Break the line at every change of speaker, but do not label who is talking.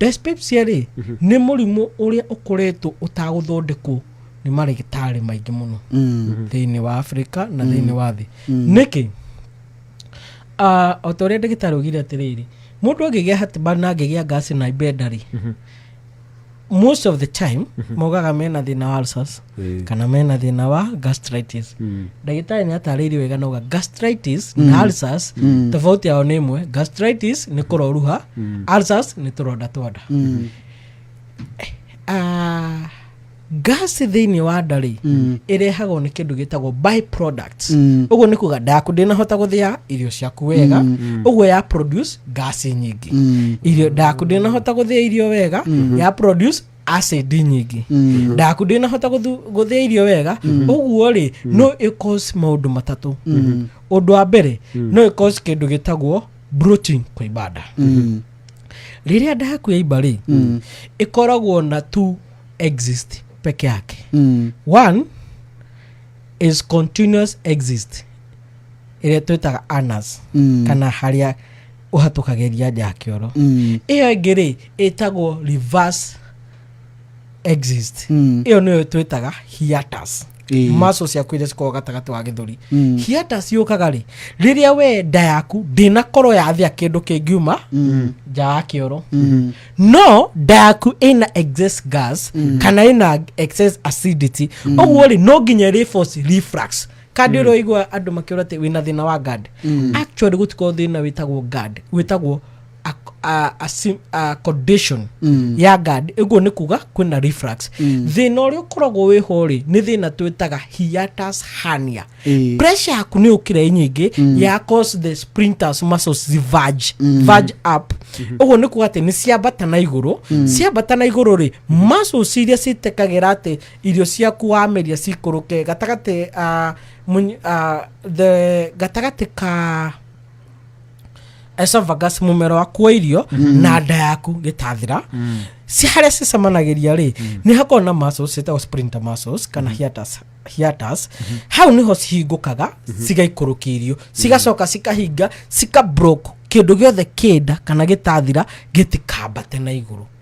dyspepsia rä mhm. nä må rimå å rä a å koretwo å thondekwo nä marigitari maingä må no mm. mhm. thä inä wa afrika na mm. thä inä wa thä nä kä o ta å rä a ndagä tarä å gire atä rä rä må ndå angä gä a hatima na angä gä a ngaci na imbenda mhm most of the time maugaga mhm. mena thina wa ulcers yeah. kana mena thina wa gastritis mm. ndagĩtarĩ nĩ atarĩirie wega nauga gastritis mm. na ulcers mm. tofauti yao nĩ ĩmwe gastritis nĩ kũroruha mm. ulcers nĩ tũronda twanda mm. uh, gas thini wa nda ri mm. irehagwo ni kindu gitagwo by products mm. ugwo ni kuga ndaku hota guthia irio ciaku wega mm, ugwo ya produce gas nyingi irio ndaku hota guthia irio wega ya produce acid nyingi ndaku hota guthia irio wega uguo ri no it cause maundu matatu undu wa mbere no it cause kindu gitagwo bloating kuimba ibada riria ndaku yaimba ibari ikoragwo na two exist peke yake mm. One is continuous exist ä twitaga anas mm. kana harä a å hatå kageria ndä akä oro ä mm. yo ä ngä rä ä tagwo reverse exist ä mm. yo nä yo twä taga hiatus maso ciaku iria cikoragwo gatagatĩ wa gĩthũri mm. hiata rä rä a we nda yaku kä ndå kä ngiuma mm. nja kä oro mm. no nda yaku ä excess gas kana ä excess acidity guo rä no nginya rĩforce reflux kandi ũrĩa ũigua atä wä na thä na wa gad actually na wä tagwo gad tagwo a condition mm. ya gad iguo nä kuga kwina reflux mm. na å rä a å koragwo wä ho rä nä thä na hiatus hernia pressure yaku nä å kä re ya cause the sprinters muscles diverge mm. verge up mm-hmm. ũguo nä kuga atä nä ciambata na igå rå mm. ciambata na igå rå rä muscles iria citekagä ra atä irio ciaku wameria cikå uh, uh, the gatagatä ka må mumero waku wa irio mm. na nda yaku gĩtathira ci mm. harĩa cicemanagĩria rĩ mm. nĩ hakoragwo na muscles ciĩtagwo splinter mm-hmm. hau kana ho cihingå kaga cigaikå mm-hmm. rå cigaikũrũkia irio mm-hmm. cigacoka cikahinga gä othe kä nda kana gĩtathira gĩtikambate na igũrũ